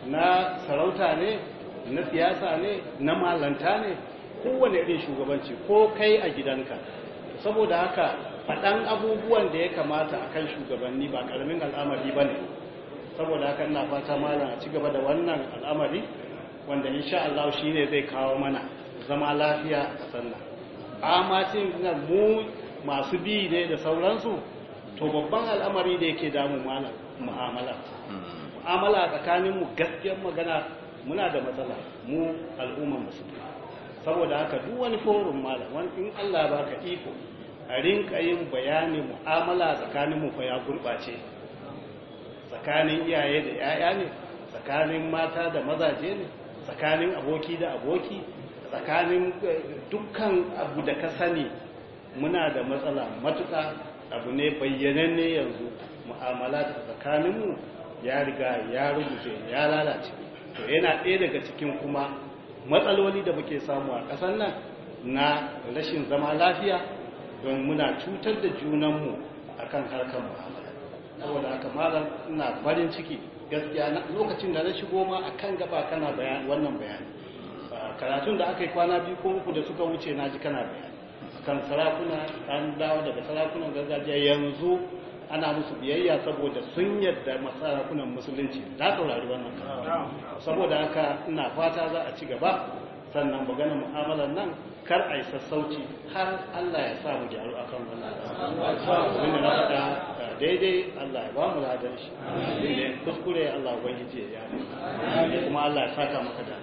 na sarauta ne na siyasa ne na malanta ne kowane irin shugabanci ko kai a gidanka saboda haka faɗan abubuwan da ya kamata a kan shugabanni ba ƙaramin al'amari ba ne saboda haka ina fata malam a ci gaba da wannan al'amari wanda insha Allah shi ne zai kawo mana zama lafiya a sannan amma cin mu masu bi ne da sauransu to babban al'amari da yake damu mana mu'amala mu'amala tsakanin mu gaskiyar magana muna da matsala mu al'umma musulmi saboda haka duk wani forum malam wani in Allah ba baka iko a rinka yin bayani mu'amala tsakanin mu fa ya gurbace tsakanin iyaye da yaya ne tsakanin mata da mazaje ne tsakanin aboki da aboki tsakanin eh, dukkan abu da ka sani muna da matsala matuƙa abu ne bayyananne yanzu mu'amala ta tsakaninmu ya riga ya rubuce ya lalace to yana ɗaya daga cikin kuma matsaloli da muke samu a ƙasar nan na rashin zama lafiya don muna cutar da junanmu akan harkar mu'amala saboda haka malam ina farin ciki gaskiya lokacin da na shigo ma kan gaba kana wannan bayani karatun da aka yi kwana biyu ko uku da suka wuce na ji kana bayani kan sarakuna an dawo daga sarakunan gargajiya yanzu ana musu biyayya saboda sun yadda masarakunan musulunci ta saurari wannan saboda haka ina fata za a ci gaba sannan magana mu'amalar nan kar a yi sassauci har Allah ya sa mu gyaru akan wannan daidai Allah ya ba mu ladan shi ne kuskure Allah ubangiji ya yi kuma Allah ya saka maka da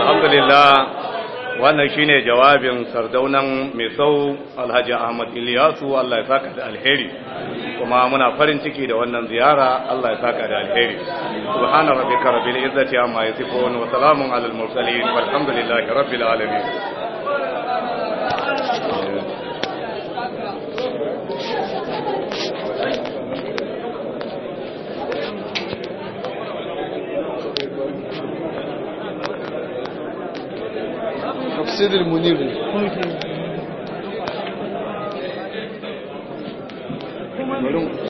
alhamdulillah wannan shine jawabin sardaunan mai sau alhaji ahmad iliyasu Allah ya saka da alheri kuma muna farin ciki da wannan ziyara Allah ya saka da alheri subhana rabbika rabbil izzati amma yasifun wa salamun alal mursalin walhamdulillahi rabbil alamin sirrin munir ne